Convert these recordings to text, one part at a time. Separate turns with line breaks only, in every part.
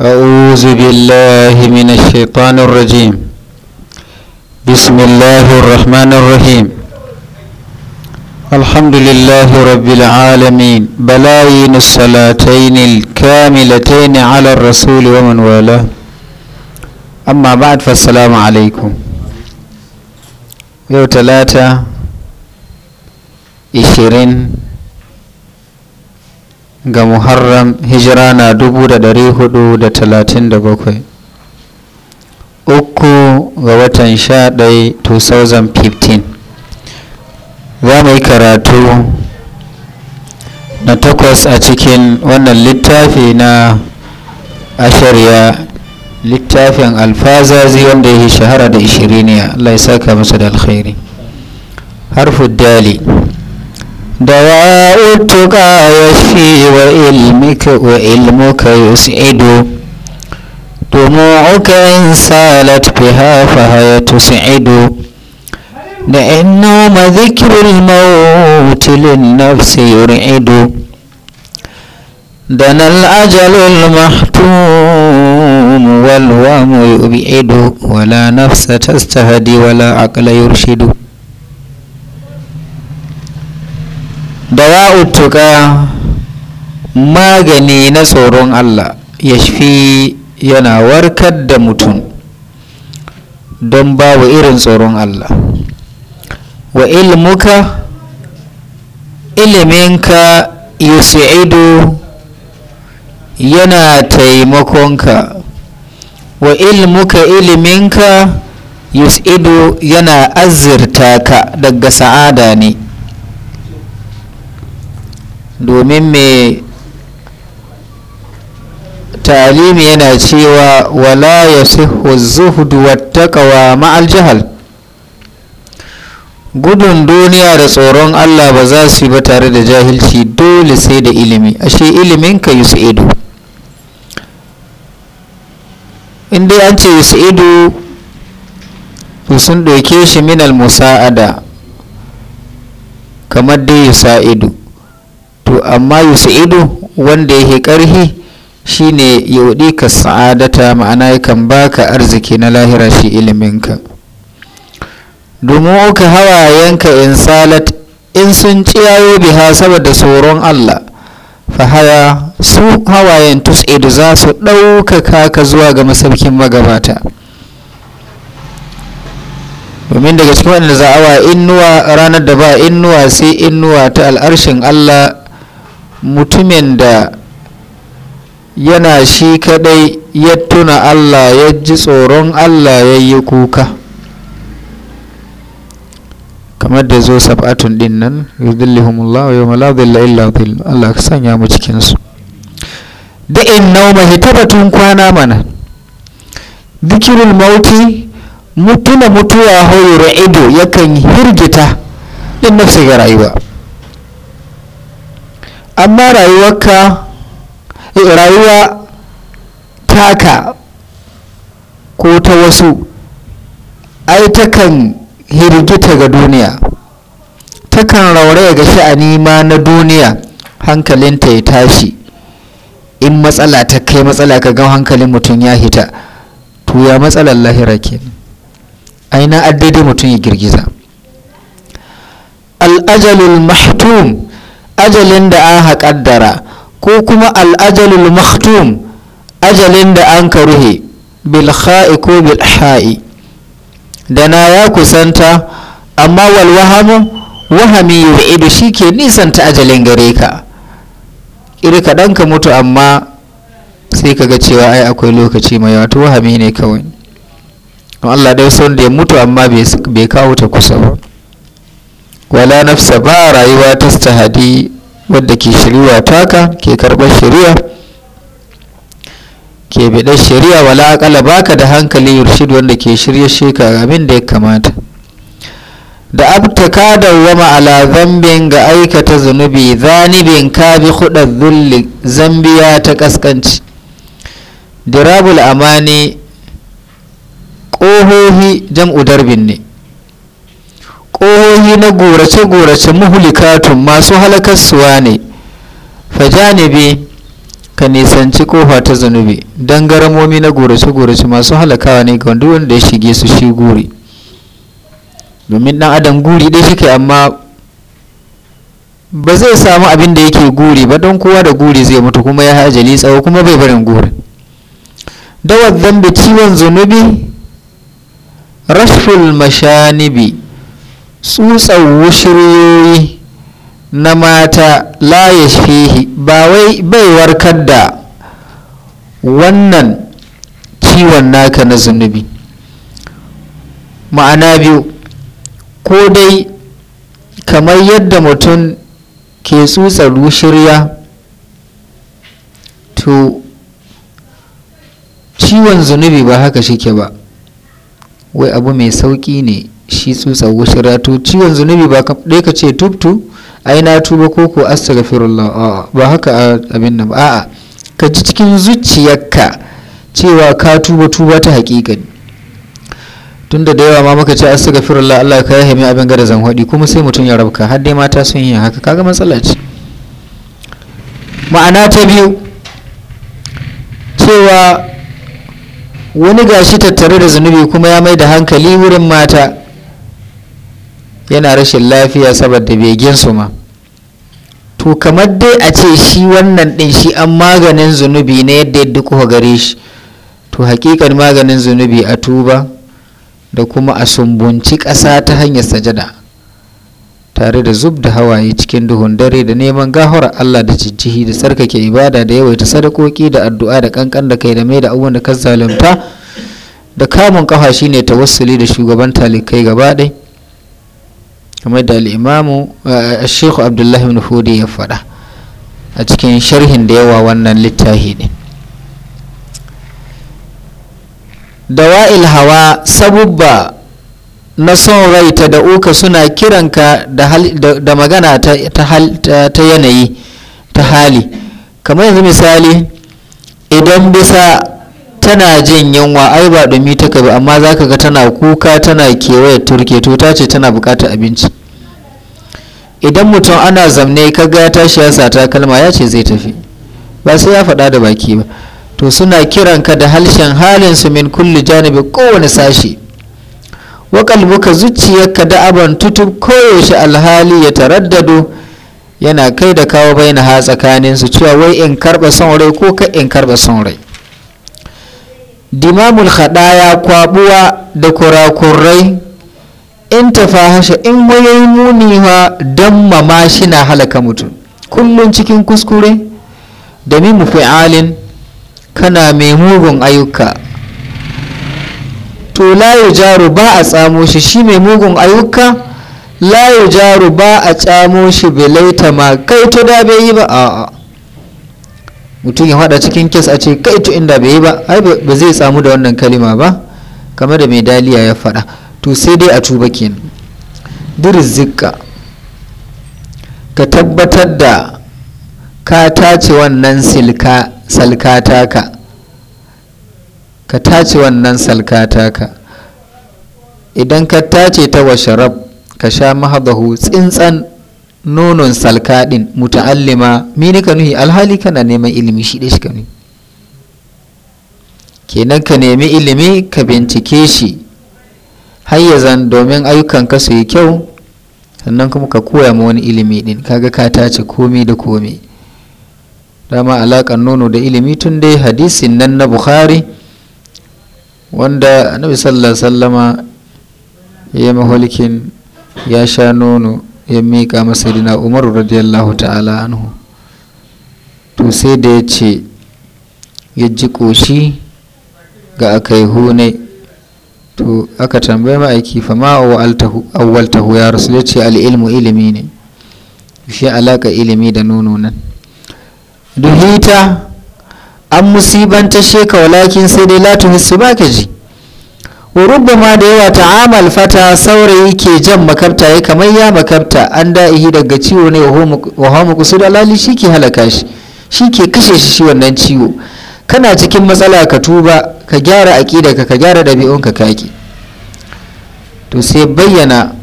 أعوذ بالله من الشيطان الرجيم بسم الله الرحمن الرحيم الحمد لله رب العالمين بلاين الصلاتين الكاملتين على الرسول ومن والاه أما بعد فالسلام عليكم يوم ثلاثة 20 ga muharram hijira na 437 uku ga watan 11 2015 za mu yi karatu na takwas a cikin wannan littafi na ashirya littafin alfazazi wanda ya yi shahara da ishiriniya Allah ya saka masa da alkhairi harfu dali دواء يشفي وإلمك وإلمك يسعد دموعك إن سالت بها فهي تسعد لأن نوم ذكر الموت للنفس يرعد دنا الأجل المحتوم والوام يبعد ولا نفس تستهدي ولا عقل يرشد Da dawa'u tuka magani na tsoron Allah ya shafi yana warkar da mutum don babu irin tsoron Allah wa ilmuka iliminka yusu'idu yana taimakonka wa ilmuka iliminka yusu'idu yana azirta ka daga sa'ada ne domin mai talimi yana cewa wala ya sihu zuhudu wattaqawa ma'al jahal gudun duniya da tsoron Allah ba za su yi ba tare da jahilci dole sai da ilimi ashe ilimin ka yi su in dai an ce yi su'idu sun ɗauke shi minal musa'ada kamar dai yi sa'idu to amma yusaidu wanda yake karhi shine yaudi ka sa'adata ma'ana yakan baka arziki na lahira shi iliminka domin uka hawayenka in salat in sun ciyayo biha saboda tsoron Allah fa fahaya su hawayen tus'idu za su ɗaukaka ka zuwa ga masaukin magabata domin daga cikin waɗanda za inuwa innuwa ranar da ba innuwa sai innuwa ta al'arshin Allah mutumin da yana shi kadai ya tuna Allah ya ji tsoron Allah ya yi kuka kamar da zo sab'atun din nan wa yawma la dhilla illa dhill Allah ka sanya mu cikin su da in nauma hitabatun kwana mana dhikirul mauti mutuna mutuwa hoyo ido yakan hirgita din nafsi ga rayuwa amma rayuwarka eh, rayuwa taka ko ta wasu ai takan hirgita ga duniya takan rauraya ga sha'ani ma na duniya hankalinta ya tashi in matsala ta kai matsala ka ga hankalin mutum ya hita to ya matsalar lahira kenan aina addade mutum ya girgiza al'ajalul mahtum ajalin da aka kaddara ko kuma al'ajalul maktum ajalin da an ka ruhe bilha'i ko bilha'i da na ya kusanta amma wal wahamu shi ke nisan nisanta ajalin gare ka iri ka ka mutu amma sai ka ga cewa ai akwai lokaci mai wato wahami ne kawai Allah dai son da ya mutu amma bai kawo ta kusa ba wala nafsa ba rayuwa ta stahadi wadda ke shari'a taka ke karɓar shari'a ke biɗar shari'a wala akala baka da hankali yurshid wanda ke shirye sheka abin da ya kamata da abtaka wama ala zambin ga aikata zunubi zanibin ka bi hudar zulli zambiya ta kaskanci dirabul amani ƙohohi jam'u darbin ne ƙohohi na gorace-gorace muhulikatun masu halakarsuwa ne fajanibi ka nisanci ƙofa ta zunubi don garamomi na gorace-gorace masu halakawa ne ga wanda wanda ya shige su shi guri domin ɗan adam guri ɗaya shi amma ba zai samu abin da yake guri ba don kowa da guri zai mutu kuma ya hajali tsawo kuma bai barin guri dawar zambe ciwon zunubi rashful mashanibi Tsutsar wushiryoyi na mata laye yashfihi ba wai bai warkar da wannan ciwon naka na zunubi ma'ana biyu ko dai kamar yadda mutum ke tsutsar shirya to ciwon zunubi ba haka shike ba wai abu mai sauƙi ne shi tsutsar wushira to ciwon zunubi ba ka ɗaya ka ce tubtu ai na tuba ko ko astaghfirullah ba haka abin nan a'a ka ji cikin zuciyarka cewa ka tuba tuba ta haƙiƙani tun da yawa ma muka ce astaghfirullah Allah ka yi mai abin gada zanhwadi kuma sai mutum ya rabka har dai mata sun yi haka kaga matsala ce ma'ana ta biyu cewa wani gashi tattare da zunubi kuma ya mai da hankali wurin mata yana rashin lafiya saboda begin su ma to kamar dai a ce shi wannan din shi an maganin zunubi na yadda yadda kuka gare shi to hakikar maganin zunubi a tuba da kuma a sumbunci ƙasa ta hanyar sajada tare da zub da hawaye cikin duhun dare da neman gahar Allah da jijjihi da tsarkake ibada da yawaita sadakoki da addu'a da kankan da kai da mai da abubuwan da ka zalunta da kamun kafa shine tawassuli da shugaban talikai gaba ɗaya kamar da al'imamu a eh, shekhu abdullahi bin hudi ya faɗa a cikin sharhin da yawa wannan littafi ne dawa'il hawa sabubba na son rai ta da uka suna kiranka da magana ta yanayi ta hali kamar yanzu misali idan bisa tana jin yunwa ai ba dumi take ba amma zaka ga tana kuka tana kewaye turke to ta ce tana buƙatar abinci idan mutum ana zamne ka ga ya tashi ya sa takalma ya ce zai tafi ba sai ya faɗa da baki ba to suna kiran ka da halshen halin su min kulli janibi kowane sashi wa kalbuka zuciyarka da aban tutub koyaushe alhali ya taraddado yana kai da kawo bai na ha tsakaninsu cewa wai in karba son rai ko ka in karba son rai dimamul haɗaya kwabuwa da kurakurai in tafahasha in muni ha don mama shi na halaka mutum kullum cikin kuskure da mimu fi'alin kana mai mugun ayyuka to layo jaru ba a tsamo shi shi mai mugun ayyuka layo jaru ba a tsamo shi belaita ma kai to da bai yi ba a'a mutum ya hada cikin kes a ce kai to inda bai yi ba ai ba zai samu da wannan kalima ba kamar da mai daliya ya fada to sai dai a tuba kenan dirzikka ka tabbatar da ka tace wannan silka salkata ka ka tace wannan salkata ka idan ka tace ta wa ka sha mahadahu tsintsan nonon salkaɗin muta'allima mini ka nuhi alhali kana neman ilimi shi shi ka nuhi kenan ka nemi ilimi ka bincike shi hayyazan domin ayyukanka su yi kyau sannan kuma ka koya ma wani ilimi din kaga ka tace komi da komi dama alaƙar nono da ilimi tun dai hadisin nan na bukhari wanda annabi sallallahu alaihi wasallama ya mahulkin ya sha nono ya miƙa masa dina umaru radiyallahu ta'ala anhu to sai da ya ce ya ji ƙoshi ga aka yi hune to aka tambaye ma'aiki fa ma awwal tahu ya rasu ya ce al'ilmu ilimi ne shi alaƙa ilimi da nono nan duhita an musibanta sheka walakin sai dai latu hissu ba ka ji ma da yawa ta'amal fata saurayi ke jan makabta ya kamar ya makabta an da'ihi daga ciwo ne wa homu kusur alali shi ke halaka shi shi ke kashe shi shi wannan ciwo kana cikin matsala ka tuba ka gyara aƙida ka gyara ɗabi'unka kaki to sai bayyana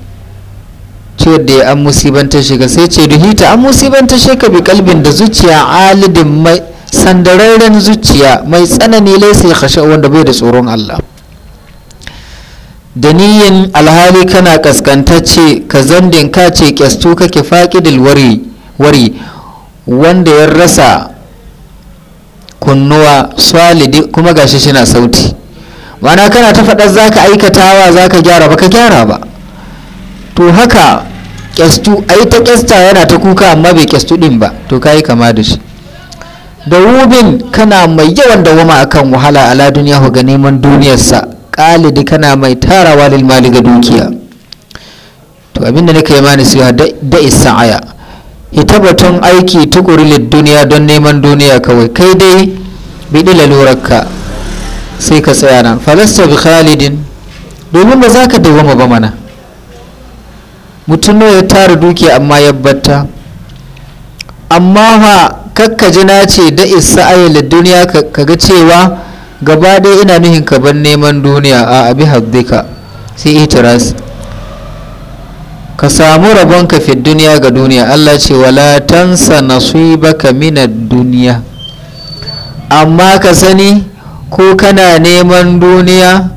ciwon da ya an musibantar shiga sai ce duhita an musibantar shiga bi kalbin da zuciya alidin mai sandararren zuciya mai tsanani laisa ya kashe wanda bai da tsoron Allah da niyyan alhali kana kaskantacce ka zandin ka ce kyastu kake faƙidil wari wari wanda ya rasa kunnuwa swalidi kuma gashi shina sauti mana kana ta faɗar za ka aikatawa za ka gyara ba ka gyara ba to haka kyastu a ta kyasta yana ta kuka amma bai kyastu ɗin ba to ka yi kama da shi da rubin kana mai yawan dawama akan wahala ala duniya ga neman duniyarsa kalidi kana mai tarawa lil mali ga dukiya to abin da nake imani su da isaya ita batun aiki tukuri lid duniya don neman duniya kawai kai dai biɗi lalurarka sai ka tsaya nan falasta bi khalidin domin ba za ka dawwama ba mana mutum ya tara dukiya amma ya batta amma ha kakka ji na ce da isa duniya ka ga cewa gaba dai ina nuhin ka bar neman duniya a abi haddika sai itiras ka samu rabon ka fi duniya ga duniya Allah ce wala tansa nasibaka mina duniya amma ka sani ko kana neman duniya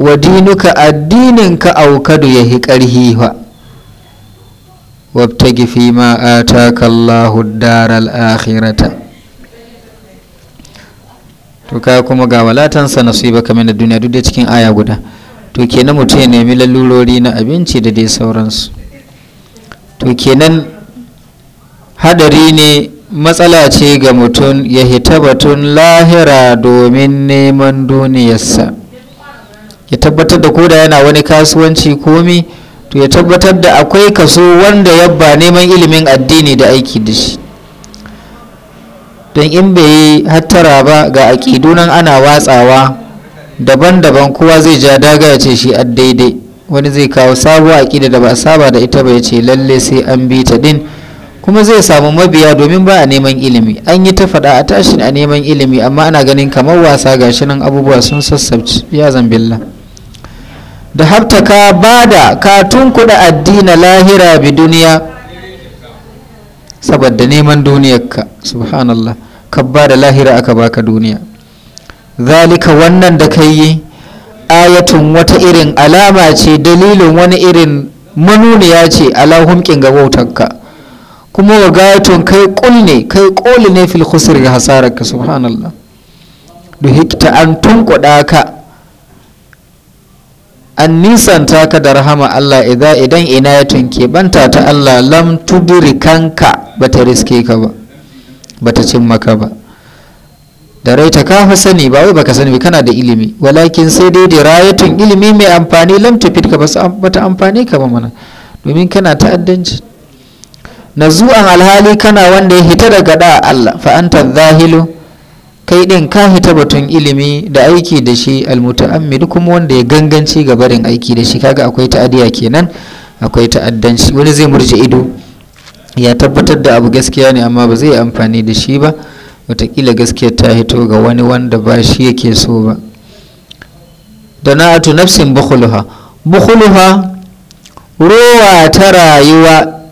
wa dinuka addinin ka aukadu ya karhi ƙarhi fa wabtagi fi ma ataka Allahu daral akhirata to kaya kuma ga walatansa nasiba kamar na duniya duk da cikin aya guda to kenan mutum ya nemi lalurori na abinci da dai sauransu to kenan hadari ne matsala ce ga mutum ya hita batun lahira domin neman duniyarsa ya tabbatar da koda yana wani kasuwanci komi to ya tabbatar da akwai kaso wanda yabba neman ilimin addini da aiki da shi don in bai yi hattara ba ga aƙidu nan ana watsawa daban-daban kowa zai ja daga ya ce shi a daidai wani zai kawo sabuwa aƙida da ba saba da ita ba ya ce lalle sai an bi ta din kuma zai samu mabiya domin ba a neman ilimi an yi ta faɗa a tashin a neman ilimi amma ana ganin kamar wasa ga shi nan abubuwa sun sassabci ya zambilla da haftaka ba da katun kuɗa addina lahira bi duniya saboda neman duniyarka subhanallah kabba da lahira aka baka duniya zalika wannan da ka yi ayatun wata irin alama ce dalilin wani irin manuniya ce ala humkin ga wautanka kuma wa gayatun kai kul ne kai koli ne fil khusr ga hasararka subhanallah da hikta an tunkuɗa ka an nisanta ka da rahama Allah idan ina ya tunke banta ta Allah lam tudrikanka bata riske ka ba bata cin maka ba da rai ta kafa sani ba wai baka sani kana da ilimi walakin sai dai da rayatun ilimi mai amfani lam tufid ka bata amfani ka ba mana domin kana ta'addanci na zuwan alhali kana wanda ya hita daga da Allah fa anta zahilu kai din ka hita batun ilimi da aiki da shi almutaammid kuma wanda ya ganganci ga barin aiki da shi kaga akwai ta'adiya kenan akwai ta'addanci wani zai murje ido ya tabbatar da abu gaskiya ne amma ba zai amfani da shi ba watakila gaskiya ta hito ga wani wanda ba shi yake so ba dana'atu nafsin bukhuluha bukhuluha rowa ta rayuwa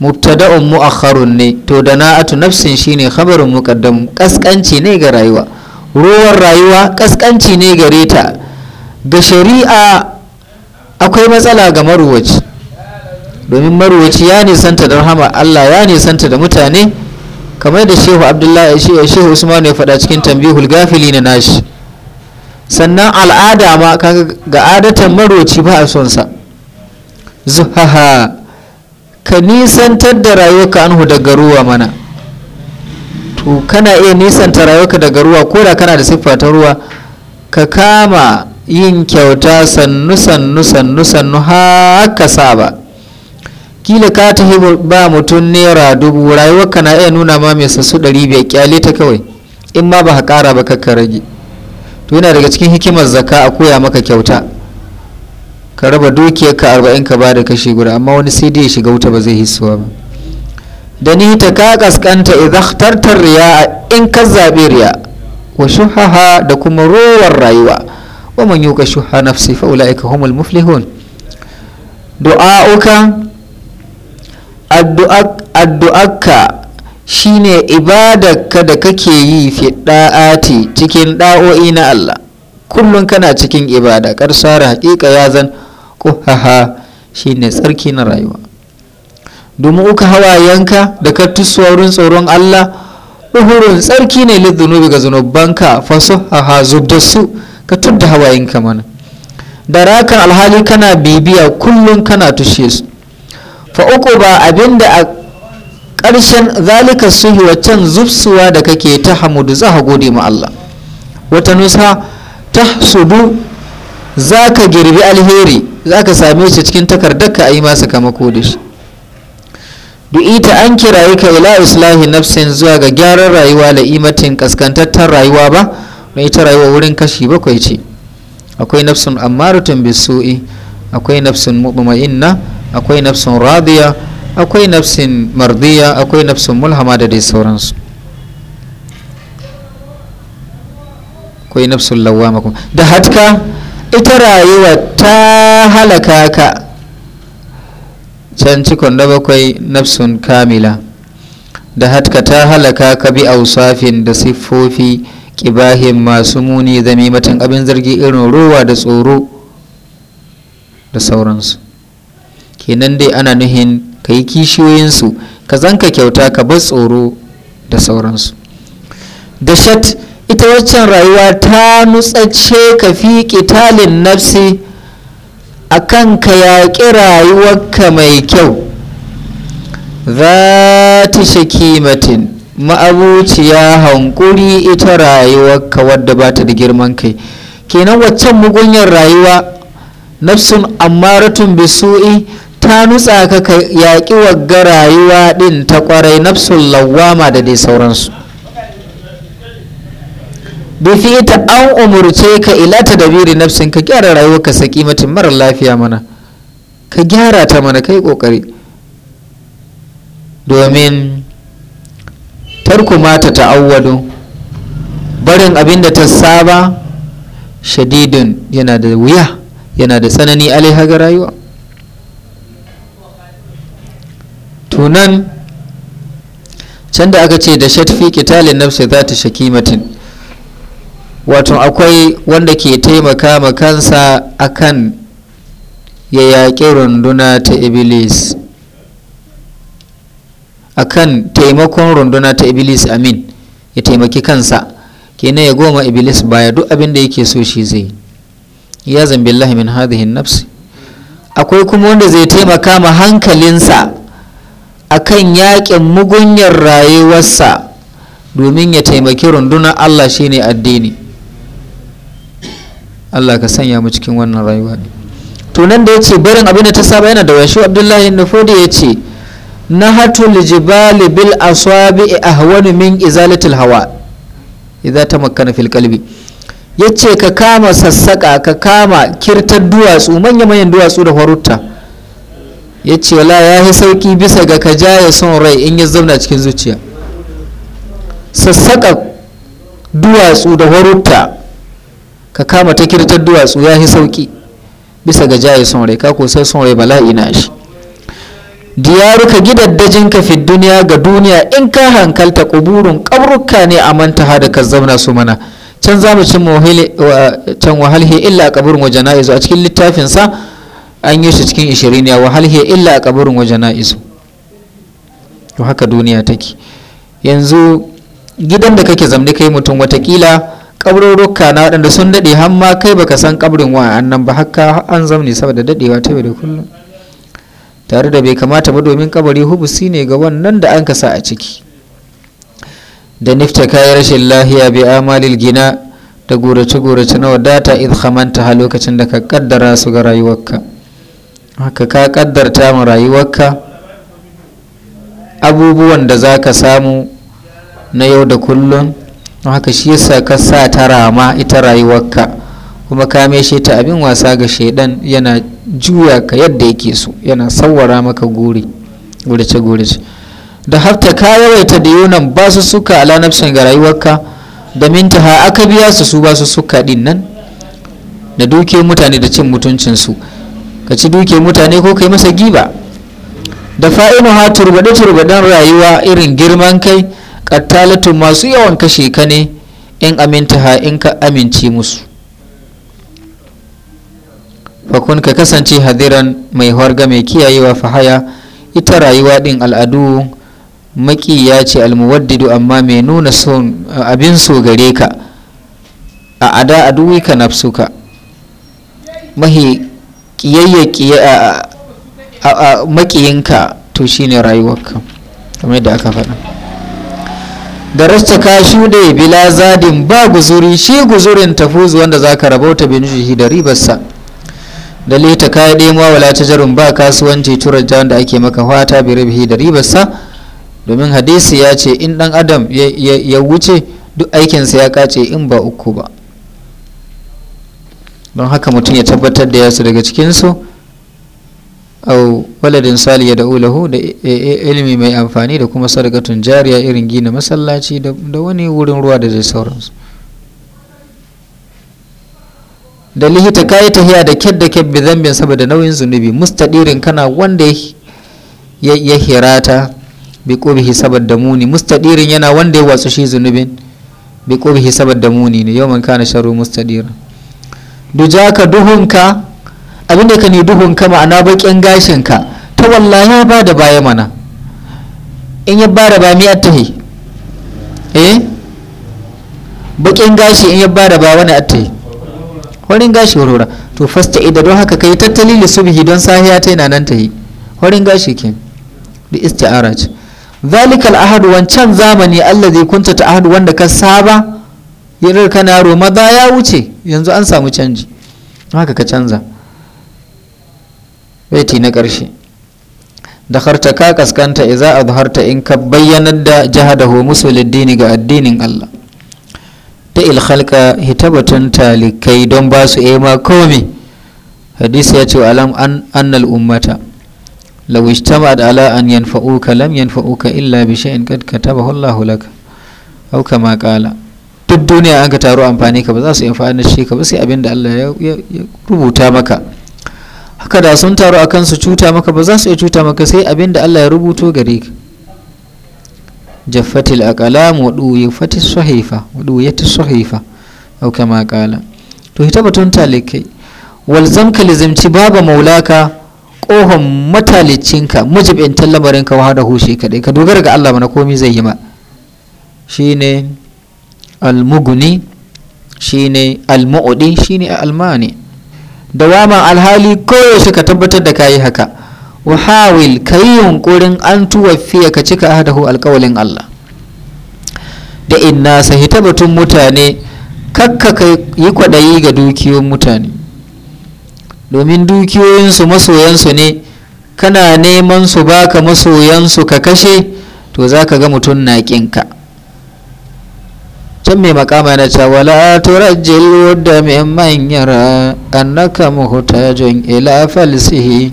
mubtada'un mu'akharun ne to dana'atu nafsin shine khabarun muqaddam kaskanci ne ga rayuwa rowar rayuwa kaskanci ne gare ta ga shari'a akwai matsala ga maruwaci domin marwaci ya nisanta da rahama Allah ya nisanta da mutane kamar da shehu abdullahi shehu usman ya faɗa cikin tambihul gafili na nashi sannan al'ada ma ga adatan marwaci ba a son sa zuhaha ka nisantar da an anhu daga ruwa mana to kana iya nisanta rayuka daga ruwa ko da kana da siffa ta ruwa ka kama yin kyauta sannu sannu sannu sannu haka saba kila ka ta tafi ba mutum naira dubu rayuwarka na iya nuna ma mai sassu ɗari biyar kyale ta kawai in ma ba ka ba ka rage to yana daga cikin hikimar zaka a koya maka kyauta ka raba dukiyarka arba'in ka bada kashi guda amma wani sai dai ya shiga wuta ba zai hisuwa ba da ni ta ka kaskanta idan tartar riya in ka zaɓi riya wa shuhaha da kuma rowar rayuwa wa man yuka shuha nafsi fa ulaika humul muflihun du'a'uka addu'arka ne ibadarka da kake yi fi da'ati cikin da'o'i na Allah kullum kana cikin ibada karsara haƙiƙa ya zan shi ne tsarki na rayuwa domin uka hawayenka da ka wurin tsoron Allah uhurun tsarki ne lizunubi ga zunubanka fasuhaha zubda su ka tudda hawayenka mana da rakan alhali kana bibiya kullum kana tushe su fa uku ba abinda a ƙarshen zalika suhi wacan zubsuwa da kake ta hamudu za ka gode ma Allah wata nusa ta sudu za ka girbi alheri za ka same shi cikin ka a yi masa kama da shi ita an yi ka ila islahi nafsin zuwa ga gyaran rayuwa da imatin kaskantattar rayuwa ba mai ita rayuwa wurin kashi bakwai ce akwai nafsun rutun bisu'i akwai nafsun mutmainna akwai nafsin radiya akwai nafsin mardiya akwai nafsin mulhama da dai sauransu akwai nafsin lawama da hatka ita rayuwa ta halaka ka can cikon da bakwai nafsin kamila da hatka ta halaka ka bi ausafin da siffofi kibahin masu muni matan abin zargi irin ruwa da tsoro da sauransu kenan dai ana nuhin ka yi kishiyoyinsu ka zanka kyauta ka bar tsoro da sauransu da shat ita waccan rayuwa ta nutsace ka fi ƙitalin nafsi a kan ka yaƙi rayuwarka mai kyau za ta shakimatin ma'abuciya hankuri ita rayuwarka wadda ba ta da girman kai kenan waccan mugunyar rayuwa nafsun ratun bisu'i ta nutsa ka ka yaƙi wagga rayuwa ɗin ta ƙwarai nafsun lawama da dai sauransu bifita an umurce ka ila ta dabiri nafsin ka gyara rayuwa ka saki matin mara lafiya mana ka gyara ta mana kai ƙoƙari domin tarku mata ta'awwadu barin abin da ta saba shadidin yana da wuya yana da tsanani alaiha ga rayuwa to nan can da aka ce da shatfi kitalin nafsi za ta shaki matin wato akwai wanda ke taimaka ma kansa akan ya yaƙi runduna ta iblis akan taimakon runduna ta iblis amin ya taimaki kansa kenan ya goma iblis baya duk abin da yake so shi zai ya zambi min hadihin nafsi akwai kuma wanda zai taimaka ma hankalinsa akan yaƙin mugunyar rayuwarsa domin ya taimaki rundunar Allah shine addini Allah ka sanya mu cikin wannan rayuwa to nan da yace barin abin da ta saba yana da washi Abdullahi ce yace nahatul Lijibali bil asabi ahwanu min izalatil hawa idza tamakkana fil qalbi yace ka kama sassaka ka kama kirtar duwatsu manya manyan duwatsu da farutta ya ce wala ya yi sauki bisa ga ka ya son rai in ya zauna cikin zuciya sassaƙa duwatsu da warutta ka kama ta kirtar duwatsu ya yi sauki bisa ga jaye son rai ka sai son rai bala'i na shi diyaru ka diyaruka ka fi duniya ga duniya in ka hankalta kuburun kabruka ne a manta da ka zauna su mana can za mu cin wahalhe illa kaburin wajen na a cikin littafinsa an yi shi cikin ishirin ya wahal illa a kaburin wajen iso to haka duniya take yanzu gidan da kake zamne kai mutum watakila kabrurruka na waɗanda sun dade har kai baka san kabrin wa annan ba haka an zamne saboda daɗewa ta da kullum tare da bai kamata ba domin kabari hubusi ne ga wannan da an kasa a ciki da nifta kayan rashin lahiya bi amalil gina da gorace-gorace na wadata idhamanta khamanta lokacin da ka kaddara su ga rayuwarka haka ka kaddarta mu rayuwarka abubuwan da za ka samu na yau da kullun haka shi yasa ka sa ta rama ita rayuwarka kuma ka meshe ta abin wasa ga shaidan yana juya ka yadda yake so yana sawwara maka gori gurace da hafta ka yawaita da yunan ba su suka ala nafsin ga rayuwarka da ha aka biya su su ba su suka din nan da duke mutane da cin mutuncinsu ka ci duke mutane ko kai masa giba da ha turbade turbaden rayuwa irin girman kai kattalatun masu yawan kashe ka ne in ha in ka amince musu fakun ka kasance hadiran mai harga mai kiyayewa fahaya ita rayuwa din al'adu ya ce almuwaddidu amma mai nuna son abin so gare ka a ada a duwika nafsuka mahi ƙiyayya makiyinka to shine rayuwarka kamar yadda aka faɗa da rasta ka shuɗe bila zadin ba guzuri shi guzurin tafuzu wanda za ka rabauta bin shi da ribarsa da leta ka yi wala ta jarin ba kasuwanci turajja da ake maka fata bi ribhi da ribarsa domin hadisi ya ce in ɗan adam ya wuce duk aikinsa ya kace in ba uku ba don haka mutum ya tabbatar da yasu daga cikinsu au waladin sali ya da'u lahu da e, e, ilimi mai amfani da kuma sadakatun jariya irin gina masallaci da wani wurin ruwa da zai sauransu da lihita kayi tahiya da kyar da kyar zambin saboda nauyin zunubi mustadirin kana wanda ya hirata bi qubhi saboda muni mustadirin yana wanda ya watsu shi zunubin bi qubhi saboda muni ne yawman kana sharu mustadirin ka duhunka abinda ka ne duhunka ma'ana bakin gashinka ta wallahi ya ba da baya mana in ya ba da ba mi attahi eh bakin gashi in ya ba da ba wani attahi horin gashi horora to fasta ida don haka kai tattali da subhi don sahiya ta yana nan ta yi. horin gashi ke da isti'ara zalikal ahadu wancan zamani allazi kunta ta ahadu wanda ka saba yarar kana yaro maza ya wuce yanzu an samu canji haka ka canza baiti na ƙarshe da harta ka kaskanta iza harta in ka bayyanar da jahadahu musulun ga addinin Allah ta ilhalka hitabatun talikai don ba su ema komi hadisi ya ce alam an annal ummata law ijtama'at ala an yanfa'uka lam yanfa'uka illa bi shay'in qad katabahu Allahu lak aw kama qala duk duniya an ka taro amfani ka ba za su amfani shi ka ba sai abin da Allah ya rubuta maka haka da sun taro a kansu cuta maka ba za su iya cuta maka sai abin da Allah ya rubuto gare ka jaffatil aqlam wa duwifati sahifa wa duwiyati sahifa au kama qala to ita batun talikai walzam ka lizimci baba maulaka kohon matalicinka mujibin lamarin ka wahada hushe kadai ka dogara ga Allah mana komai zai yi ma shine al-muguni shine al shine al dawama alhali koyaushe ka tabbatar da kayi haka wa ka kayi yunkurin an tuwafiya ka cika ahdahu alkawalin Allah da inna sahita batun mutane kakka ka yi kwadayi ga dukiyoyin mutane domin dukiyoyinsu masoyansu ne kana neman su baka masoyansu ka kashe to za ka ga mutum na ƙinka can mai makama na cewa wala turajjil wadda mai manyara annaka muhtajun ila falsihi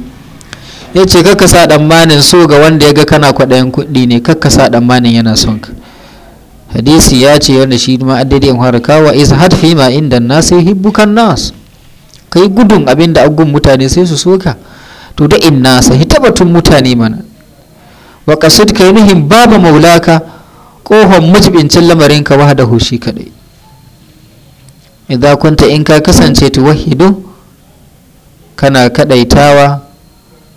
ya ce kakka sa tsammanin so ga wanda ya ga kana kwaɗayin kuɗi ne kakka sa tsammanin yana son ka hadisi ya ce wanda shi ma addadin harka wa is had fi ma inda nasu hibbukan nas kai gudun abin da agun mutane sai su so ka? to da in nasa hitabatun mutane mana wa kasud kai nuhin babu maulaka Kohon mujibincin lamarin ka wahada hushi kadai idan kunta in ka kasance tuwahidu kana kadaitawa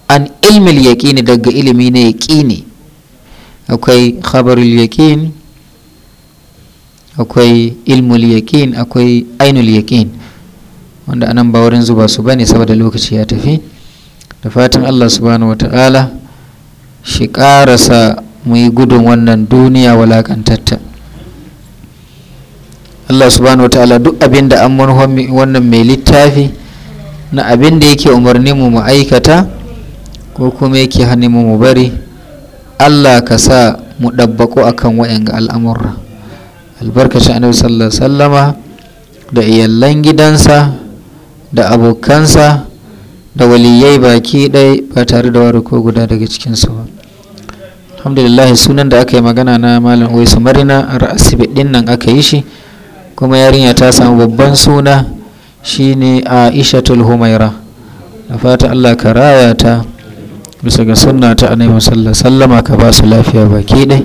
an ilmil yaqini daga ilimi na yaqini akwai khabarul yaqin akwai ilmul yaqin akwai ainul yaqin wanda anan ba wurin zuba su bane saboda lokaci ya tafi da fatan Allah subhanahu wata'ala shi ƙarasa mu yi gudun wannan duniya walakantatta Allah subhanahu wataala duk abin da an wannan mai littafi na abin da yake umarni mu mu aikata ko kuma yake hannu mu mu bari Allah ka sa mu ɗabbaƙo akan wayan ga al'amurra shi annabi sallallahu sallama da iyalan gidansa da abokansa da waliyai baki ɗaya ba tare da wari ko guda daga cikinsu ba alhamdulillah sunan da aka yi magana na malam waisu marina a ra'asibi din nan aka yi shi kuma yarinya ta samu babban suna shine ishatul humaira da fata allah ka raya ta bisa ga sunna ta a naimu sallama ka ba su lafiya baki dai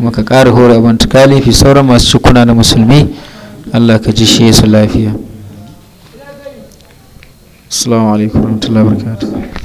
kuma ka ƙara hore abin tukalifi sauran masu cikuna na musulmi allah ka ji shi su lafiya assalamu alaikum warahmatullahi wabarakatuh